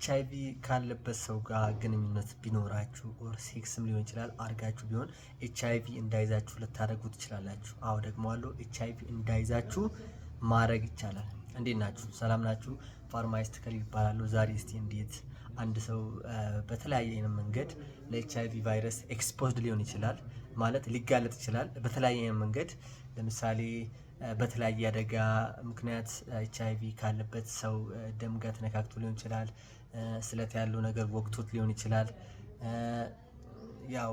ኤች አይ ቪ ካለበት ሰው ጋር ግንኙነት ቢኖራችሁ ኦር ሴክስም ሊሆን ይችላል አድርጋችሁ ቢሆን ኤች አይ ቪ እንዳይዛችሁ ልታደርጉ ትችላላችሁ። አዎ ደግሞ አለው ኤች አይ ቪ እንዳይዛችሁ ማድረግ ይቻላል። እንዴት ናችሁ? ሰላም ናችሁ? ፋርማሲስት ከሊል ይባላለሁ። ዛሬ እስቲ እንዴት አንድ ሰው በተለያየ አይነት መንገድ ለኤች አይ ቪ ቫይረስ ኤክስፖዝድ ሊሆን ይችላል ማለት ሊጋለጥ ይችላል በተለያየ አይነት መንገድ ለምሳሌ በተለያየ አደጋ ምክንያት ኤች አይ ቪ ካለበት ሰው ደም ጋር ተነካክቶ ሊሆን ይችላል። ስለት ያለው ነገር ወቅቶት ሊሆን ይችላል። ያው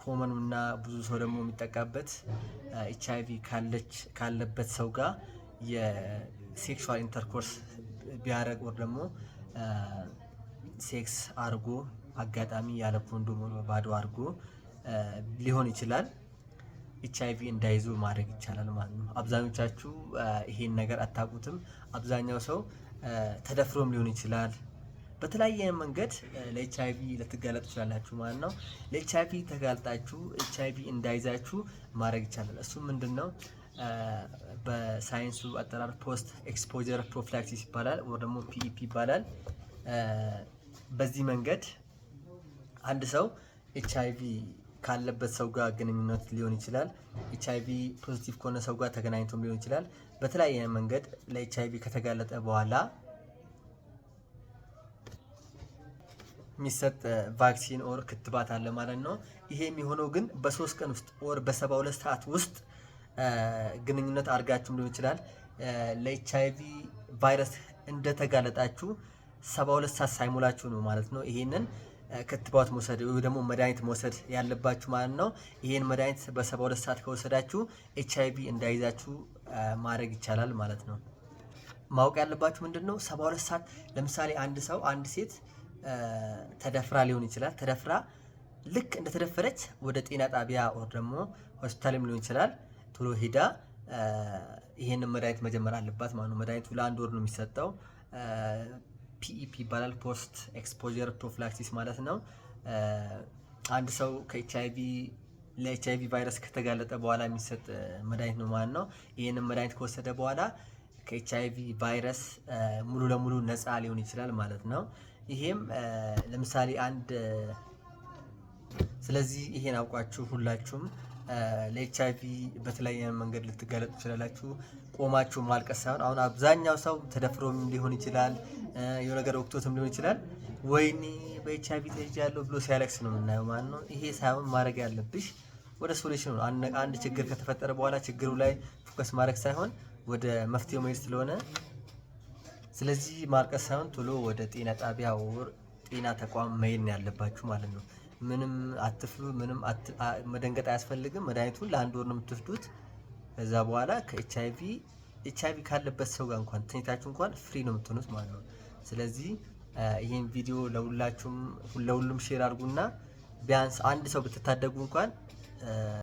ኮመኑ እና ብዙ ሰው ደግሞ የሚጠቃበት ኤች አይ ቪ ካለበት ሰው ጋር የሴክሹዋል ኢንተርኮርስ ቢያደረግ ወር ደግሞ ሴክስ አርጎ አጋጣሚ ያለ ኮንዶም ባዶ አርጎ ሊሆን ይችላል። ኤች አይ ቪ እንዳይዞ ማድረግ ይቻላል ማለት ነው። አብዛኞቻችሁ ይሄን ነገር አታውቁትም። አብዛኛው ሰው ተደፍሮም ሊሆን ይችላል በተለያየ መንገድ ለኤች አይ ቪ ልትጋለጡ ትችላላችሁ ማለት ነው። ለኤች አይ ቪ ተጋልጣችሁ ኤች አይ ቪ እንዳይዛችሁ ማድረግ ይቻላል። እሱ ምንድን ነው? በሳይንሱ አጠራር ፖስት ኤክስፖጀር ፕሮፊላክሲስ ይባላል፣ ወይ ደግሞ ፒኢፒ ይባላል። በዚህ መንገድ አንድ ሰው ኤች አይ ቪ ካለበት ሰው ጋር ግንኙነት ሊሆን ይችላል። ኤች አይ ቪ ፖዚቲቭ ከሆነ ሰው ጋር ተገናኝቶም ሊሆን ይችላል። በተለያየ መንገድ ለኤች አይ ቪ ከተጋለጠ በኋላ የሚሰጥ ቫክሲን ኦር ክትባት አለ ማለት ነው። ይሄ የሚሆነው ግን በሶስት ቀን ውስጥ ኦር በሰባ ሁለት ሰዓት ውስጥ ግንኙነት አድርጋችሁም ሊሆን ይችላል ለኤች አይ ቪ ቫይረስ እንደተጋለጣችሁ ሰባ ሁለት ሰዓት ሳይሞላችሁ ነው ማለት ነው ይሄንን ክትባት መውሰድ ወይ ደግሞ መድኃኒት መውሰድ ያለባችሁ ማለት ነው። ይሄን መድኃኒት በሰባ ሁለት ሰዓት ከወሰዳችሁ ኤች አይ ቪ እንዳይዛችሁ ማድረግ ይቻላል ማለት ነው። ማወቅ ያለባችሁ ምንድን ነው ሰባ ሁለት ሰዓት ለምሳሌ አንድ ሰው አንድ ሴት ተደፍራ ሊሆን ይችላል። ተደፍራ ልክ እንደተደፈረች ወደ ጤና ጣቢያ ወር ደግሞ ሆስፒታልም ሊሆን ይችላል ቶሎ ሄዳ ይሄን መድኃኒት መጀመር አለባት ማለት ነው። መድኃኒቱ ለአንድ ወር ነው የሚሰጠው። ፒኢፒ ይባላል ፖስት ኤክስፖዠር ፕሮፊላክሲስ ማለት ነው። አንድ ሰው ከኤች አይ ቪ ለኤች አይ ቪ ቫይረስ ከተጋለጠ በኋላ የሚሰጥ መድኃኒት ነው ማለት ነው። ይህንን መድኃኒት ከወሰደ በኋላ ከኤች አይ ቪ ቫይረስ ሙሉ ለሙሉ ነፃ ሊሆን ይችላል ማለት ነው። ይሄም ለምሳሌ አንድ ስለዚህ ይሄን አውቃችሁ ሁላችሁም ለኤች በተለያየ መንገድ ልትጋለጡ ትችላላችሁ። ቆማችሁ ማልቀስ ሳይሆን አሁን አብዛኛው ሰው ተደፍሮም ሊሆን ይችላል፣ የሆነ ነገር ወቅቶትም ሊሆን ይችላል። ወይኔ በኤች አይቪ ተይዣለሁ ብሎ ሲያለቅስ ነው የምናየው ማለት ነው። ይሄ ሳይሆን ማድረግ ያለብሽ ወደ ሶሉሽን ነው። አንድ ችግር ከተፈጠረ በኋላ ችግሩ ላይ ፎከስ ማድረግ ሳይሆን ወደ መፍትሄው መሄድ ስለሆነ ስለዚህ ማልቀስ ሳይሆን ቶሎ ወደ ጤና ጣቢያ ወር ጤና ተቋም መሄድ ነው ያለባችሁ ማለት ነው። ምንም አትፍ ምንም መደንገጥ አያስፈልግም። መድኃኒቱን ለአንድ ወር ነው የምትወስዱት። ከዛ በኋላ ከኤች አይ ካለበት ሰው ጋር እንኳን ትኝታችሁ እንኳን ፍሪ ነው የምትሆኑት ማለት ነው። ስለዚህ ይህን ቪዲዮ ለሁላችሁም ለሁሉም ሼር አድርጉና ቢያንስ አንድ ሰው ብትታደጉ እንኳን